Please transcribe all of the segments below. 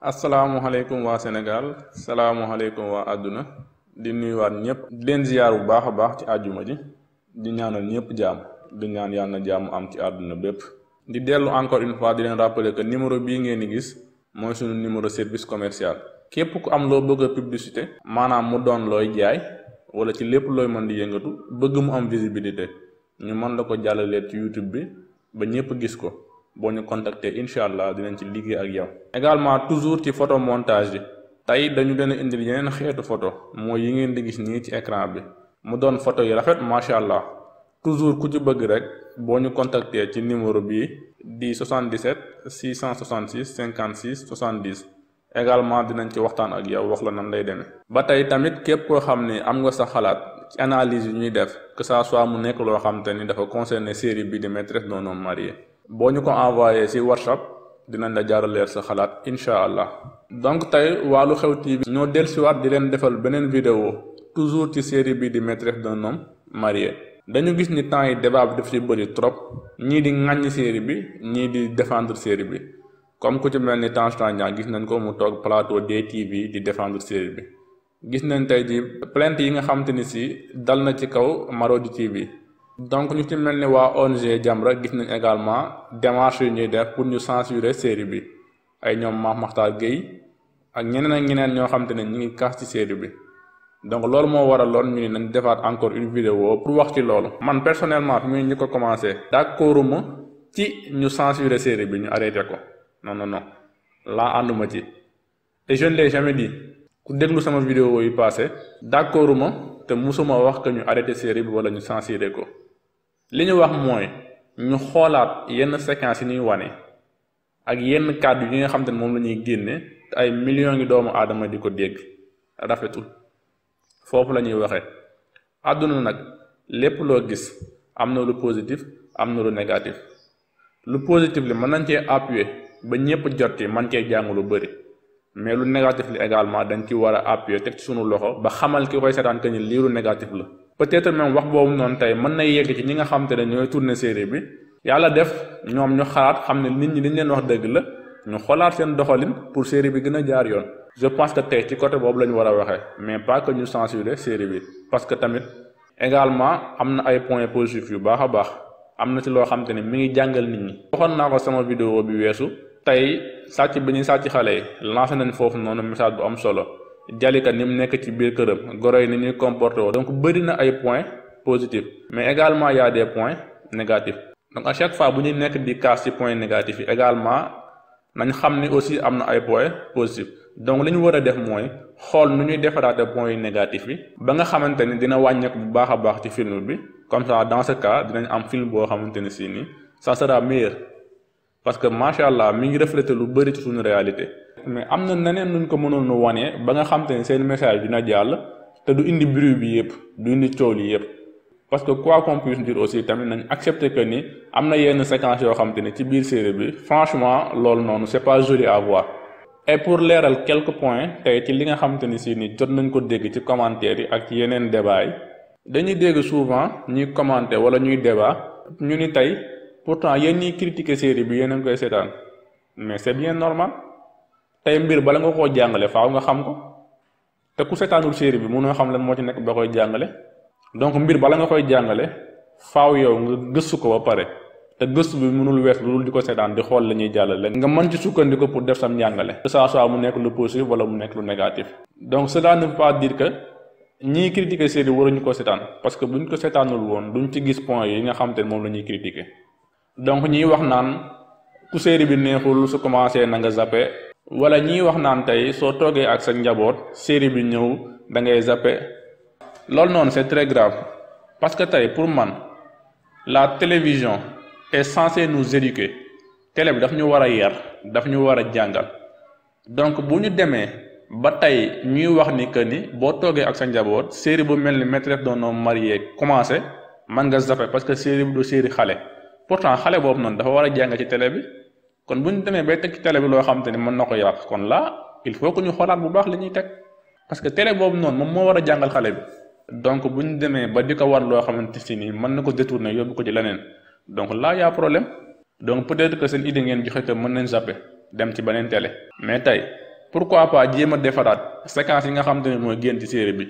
asalaamualeykum waa Sénégal salaamualeykum waa àdduna di nuyuwaat ñëpp di leen ziyaar bu baax a baax ci àjjuma ji di ñaanal ñëpp jaam di ñaan yàlla na jaamu am ci àdduna bépp. di dellu encore une fois di leen rappeler que numéro bii ngeen di gis mooy sunu numéro service commercial. képp ku am loo bëgg a publicité. maanaam mu doon looy jaay wala ci lépp looy mën di yëngatu bëgg mu am visibilité ñu mën la ko jàllalee ci YouTube bi ba ñëpp gis ko. boo ñu contacter incha allah dinañ ci liggéey ak yow. également toujours ci photo montage yi tey dañu leen a indil yeneen xeetu photo mooy yi ngeen di gis nii ci ecran bi mu doon photo yi rafet macha allah toujours ku ci bëgg rek boo ñu contacter ci numéro bii di 77 666 56 70. également dinañ ci waxtaan ak yow wax la nan lay demee. ba tey tamit képp koo xam ne am nga sa xalaat ci analyse yu ñuy def que ça mu nekk loo xam te dafa concerner série bi di maîtresse d'un homme marié boo ñu ko envoyé si whatsapp dinañ la jaaraleer sa xalaat incha allah. donc tey waa lu xew TV. ñoo dellusiwaat di leen defal beneen vidéo toujours ci série bi di maîtresse d'un homme marié. dañu gis ni temps yi débat def daf ci bëri trop ñii di ŋàññi série bi ñii di defendre série bi comme ku ci mel ni Tange Tandian gis nañ ko mu toog plateau DTV di défendre série bi. gis nañ tey ji plainte yi nga xamante ni si dal na ci kaw Marodi TV. donc ñu ci mel ni waa ONG Jamra gis nañ également démarche yu ñuy def pour ñu censurer série bi ay ñoom Mame Makhtar Gueye ak ñeneen ak ñeneen ñoo xam te ne ñu ngi kaas ci série bi donc loolu moo waraloon ñu ne nañ defaat encore une vidéo pour wax ci loolu. man personnellement fi muy ñu ko commencé. d'accorduma ci ñu censurer série bi ñu arrêté ko non non non laa ànduma ci et je ne l'ai jamais ku déglu sama vidéo yi passé d'accorduma te musuma wax que ñu arrêté série bi wala ñu censurer ko. li ñu wax mooy ñu xoolaat yenn séquence yi ñuy wane ak yenn kàddu yi nga xam te ne moom la ñuy génne te ay millions ngi doomu aadama di ko dégg rafetul foofu la ñuy waxee àdduna nag lépp loo gis am na lu positif am na lu négatif lu positif li mën nañ cee appuyer ba ñëpp jot ci man cee jàng lu bëri mais lu negatif li également dañ ci war a appuyer teg ci sunu loxo ba xamal ki koy seetaan que lii lu négatif la peut-être même wax boobu noonu tey mën na yegg ci ñi nga xam te ne ñooy tourner série bi yàlla def ñoom ñu xalaat xam ne nit ñi liñ leen wax dëgg la ñu xolaat seen doxalin pour série bi gën a jaar yoon. je pense que tey ci côté boobu la ñu war a waxee mais pas que ñu censurer série bi parce que tamit également am na ay point positifs yu baax a baax am na ci loo xam te ne mi ngi jàngal nit ñi. waxoon naa ko sama vidéo bi weesu tey sàcc bi ñuy sàcc xale yi lancé nañ foofu noonu message bu am solo. Jalika ni mu nekk ci biir këram goro yi ni ñuy comporté woo donc bëri na ay points positifs mais également y a des points négatifs donc à chaque fois bu ñuy nekk di kaas ci points négatif yi également nañ xam ni aussi am na ay points positifs donc li ñu war a def mooy xool nu ñuy defaraate points yu négatifs yi ba nga xamante ni dina wàññeeku bu baax a baax ci film bi comme ça dans ce cas dinañ am film boo xamante ni si nii ça sera parce que macha allah mi ngi refléter lu bëri ci suñu réalité. mais am na neneen nuñ ko mënoon wanee ba nga xam te ne seen message dina jàll te du indi bruit bi yëpp du indi coow li yëpp parce que quoi qu'on puisse aussi tamit nañ accepter que ni am na yenn séquence yoo xam ne ci biir série bi franchement loolu noonu c'est pas joli à voir. et pour leeral quelque points tey ci li nga xam te ni si ni jot nañ ko dégg ci commentaire yi ak yeneen débat yi dañuy dégg souvent ñuy commenter wala ñuy débat ñu ni tey. pourtant yéen ñiy critiquer série bi yéen a ngi koy seetaan mais c'est bien normal tey mbir bala nga koo jàngale faaw nga xam ko te ku seetaanul série bi mënoo xam lan moo ci nekk ba koy jàngale donc mbir bala nga koy jàngale faaw yow nga gëstu ko ba pare te gëstu bi mënul wees lu dul di ko seetaan di xool la ñuy jàllale nga mën ci sukkandiku pour def sam njàngale que nekk lu positif wala mu nekk lu négatif donc cela ne veut pas dire que ñiy ko seetaan parce que buñ ko seetaanul woon duñ ci gis yi nga xam te ne moom la critiquer donc ñiy wax naan ku série bi neexul su commencé na nga zappe wala ñiy wax naan tey soo toogee ak sa njaboot série bu ñëw da ngay zappe loolu noonu c'est très grave parce que tey pour man la télévision est censée nous éduquer télé bi daf ñu war a yar daf ñu war a jàngal donc bu ñu demee ba tey ñuy wax ni que ni boo toogee ak sa njaboot série bu mel ni maîtresse d'un homme marié commencé mën nga zappe parce que série bi du séeri xale pourtant xale boobu noonu dafa war a jàng ci tele bi kon bu ñu demee bay teg ci télé bi loo xam te ni mën na ko yàq kon là il faut que ñu xoolaat bu baax lañuy teg parce que télé boobu noonu moom moo war a jàngal xale bi donc bu ñu demee ba di ko war loo xamante si nii mën na ko détourner yóbbu ko ci leneen donc là problème donc peut-être que seen idée ngeen joxe que mën nañ zappe dem ci beneen tele mais tey pourquoi pas jéem a defaraat séquence yi nga xam te ne mooy génn ci série bi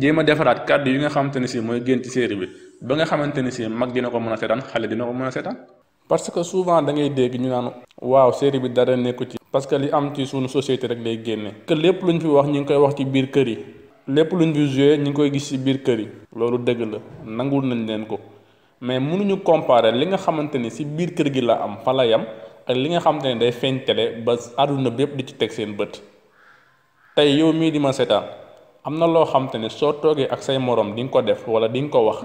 jéem a defaraat kàddu yi nga xam te ne si mooy génn ci bi ba nga xamante ni si mag dina ko mën a seetaan xale dina ko mën a seetaan parce que souvent da ngay dégg ñu naan waaw série bi dara nekku ci parce que li am ci sunu société rek lay génne que lépp luñ fi wax ñu ngi koy wax ci biir kër yi lépp luñ fi joué ñu ngi koy gis ci biir kër yi loolu dëgg la nangul nañ leen ko mais munuñu comparer li nga xamante ni si biir kër gi la am fa la yam ak li nga xamante ne day feeñ télé ba àdduna bépp di ci teg seen bët tey yow mii di ma seetaan am na loo xamante ne soo toogee ak say moroom di nga ko def walla di nga ko wax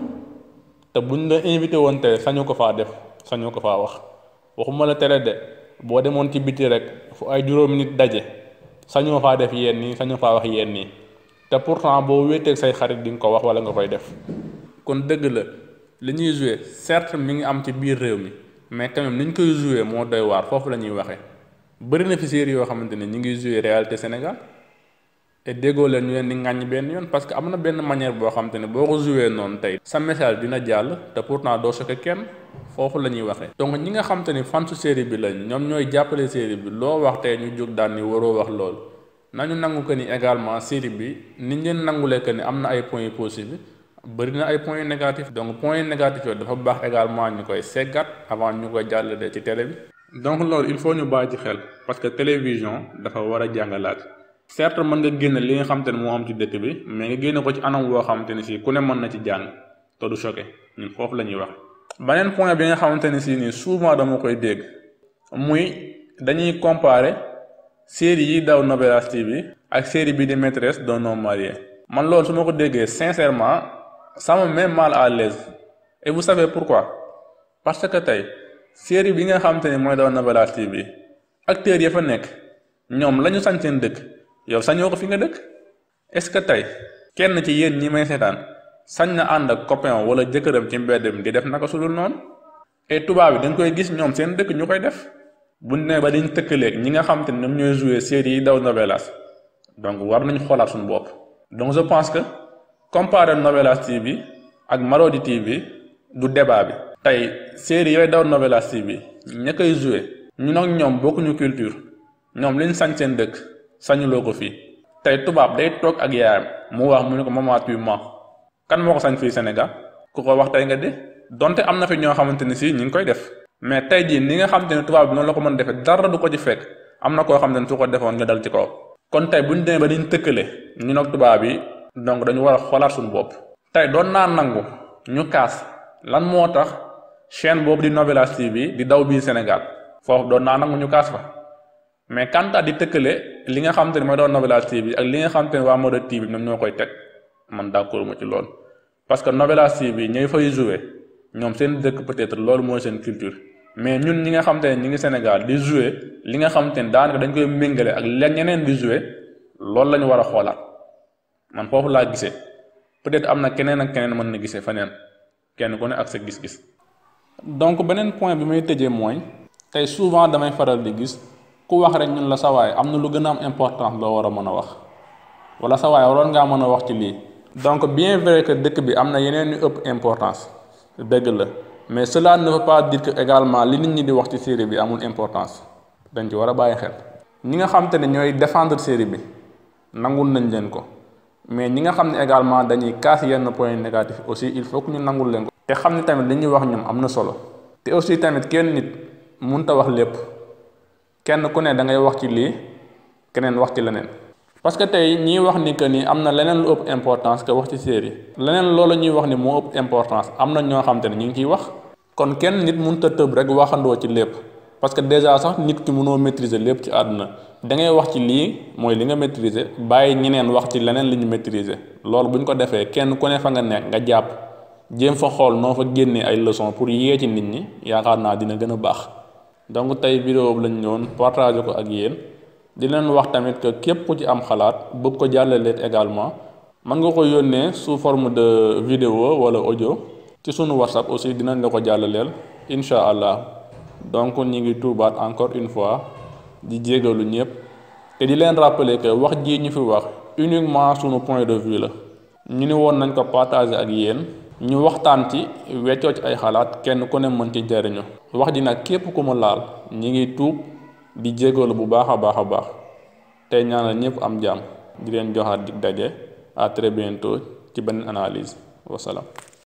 te buñ la invité woon tey sañu ko faa def sañu ko faa wax waxuma la tere de boo demoon ci biti rek fu ay juróom nit daje sañoo faa def yenn nii sañu faa wax yenn nii te pourtant boo wéeteeg say xarit di nga ko wax wala nga koy def kon dëgg la li ñuy joué certes mi ngi am ci biir réew mi mais quand même ni ñu koy joué moo doy waar foofu la ñuy waxee bëri na fi série yoo xamante ne ñu ngi joué réalité Sénégal te déggoo leen ñu leen di ŋàññ benn yoon parce que am na benn manière boo xam te ne boo ko joué noonu tey sa message dina jàll te pourtant doo choqué kenn foofu la ñuy waxee donc ñi nga xam te ni fansu série bi lañ ñoom ñooy jàppale série bi loo wax tey ñu jóg daan ni waroo wax loolu nañu nangu ko ni également série bi ni ñu leen nangulee que ni am na ay points yu positifs bëri na ay point yu négatifs donc points yu négatifs yooyu dafa baax également ñu koy seggat avant ñu koy jàllale ci télé bi donc loolu il faut ñu bàyyi ci xel parce que télévision dafa war a jàngalaat certes mën nga génne li nga xam te moo am ci dëkk bi mais nga génne ko ci anam woo xam te ku ne mën na ci jàng te du choqué foofu la ñuy wax. beneen point bi nga xamante ne si nii souvent dama koy dégg muy dañuy comparer série yi daw Novelas TV ak série bi di maîtresse d'un homme marié man loolu su ma ko déggee sincèrement ça me met mal à l'aise et vous savez pourquoi parce que tey série bi nga xamante ne mooy daw Novelas TV acteurs yi fa nekk ñoom la ñu sañ seen yow sañoo ko fi nga dëkk est-ce que tey kenn ci yéen ñi may seetaan sañ na ànd ak copain wala jëkkëram ci mbedd mi di def naka su dul noonu et tubaab yi dañ koy gis ñoom seen dëkk ñu koy def buñ ne ba dañ tëkkaleeg ñi nga xam te ñoom ñooy jouer série yi daw novelas donc war nañu xoolaat suñu bopp donc je pense que comparer novelas TV ak Marodi TV du débat bi tey série yooy daw novelas TV ña koy jouer ñun ak ñoom bokkuñu culture ñoom liñ sañ seen dëkk sañuloo ko fii tey tubaab day toog ak yaayam mu wax mu ne ko maman tu ma kan moo ko sañ fii Sénégal ku ko wax tey nga de donte am na fi ñoo xamante ni sii ñu ngi koy def mais tey jii ni nga xamante ne tubaab bi noonu la ko mën defee dara du ko fekk am na koo xam ne su ko defoon nga dal ci kaw kon tey bu ñu demee ñu tëkkale ñu nag tubaab yi donc dañu war a xoolaat suñu bopp. tey doon naa nangu ñu kaas lan moo tax chaîne boobu di Novelas TV bi di daw bii Sénégal foofu doon naa nangu ñu kaas fa. mais quant à di tëkkale li nga xam te ne mooy doon Novelas TV ak li nga xam ne waa Moda TV ñoom koy teg man d'accord ma ci loolu parce que Novelas TV ñooy fay jouer ñoom seen dëkk peut-être loolu mooy seen culture mais ñun ñi nga xam te ne ñu ngi Sénégal di jouer li nga xam ne daanaka dañ koy méngale ak leneen ñeneen di jouer loolu la ñu war a xoolaat man foofu laa gisee peut-être am na keneen ak keneen mën na gisee feneen kenn ku ne ak sa gis-gis. donc beneen point bi may tëjee mooy tey souvent damay faral di gis ku wax rek ñun la sawaay am na lu gën a am importance loo war a mën a wax wala sawaay waroon ngaa mën a wax ci lii donc bien vrai que dëkk bi am na yeneen yu ëpp importance dëgg la mais cela ne veut pas dire que également li nit ñi di wax ci série bi amul importance dañ ci wara a bàyyi xel ñi nga xam ne ñooy défendre série bi nangul nañ leen ko mais ñi nga xam ne également dañuy kaas yenn point négatif aussi il faut que ñu nangul leen ko te xam ne tamit li ñuy wax ñoom am na solo kenn ku ne da ngay wax ci lii keneen wax ci leneen parce que tey ñiy wax ni que nii am na leneen lu ëpp importance que wax ci série leneen loolu ñuy wax ni moo ëpp importance am na ñoo xam te ne ñu ngi ciy wax kon kenn nit munut a tëb rek waxandoo ci lépp parce que déjà sax nit ki mënoo maîtriser lépp ci àdduna dangay wax ci lii mooy li nga maîtriser bàyyi ñeneen wax ci leneen li ñu maîtriser loolu bu ñu ko defee kenn ku ne fa nga nekk nga jàpp jéem fa xool noo fa génnee ay leçons pour yee ci nit ñi yaakaar naa dina gën a baax donc tey vidéo boobu lañ ñëwoon partage ko ak yéen di leen wax tamit que képp ku ci am xalaat bëgg ko jàllaleet également man nga ko yónnee sous forme de vidéo wala audio ci sunu whatsapp aussi dinañ la ko jàllaleel incha allah donc ñi ngi tuubaat encore une fois di jégalu ñëpp te di leen rappeler que wax jii ñu fi wax uniquement sunu point de vue la ñu ni woon nañ ko partager ak yéen. ñu waxtaan ci weccoo ci ay xalaat kenn ku ne mën ci jariñu wax ji nag képp ku mu laal ñi ngi tuub di jégalu bu baax a baax a baax tey ñaanal ñëpp am jàmm di leen joxaat dig daje à très bientôt ci benn analyse wasalaam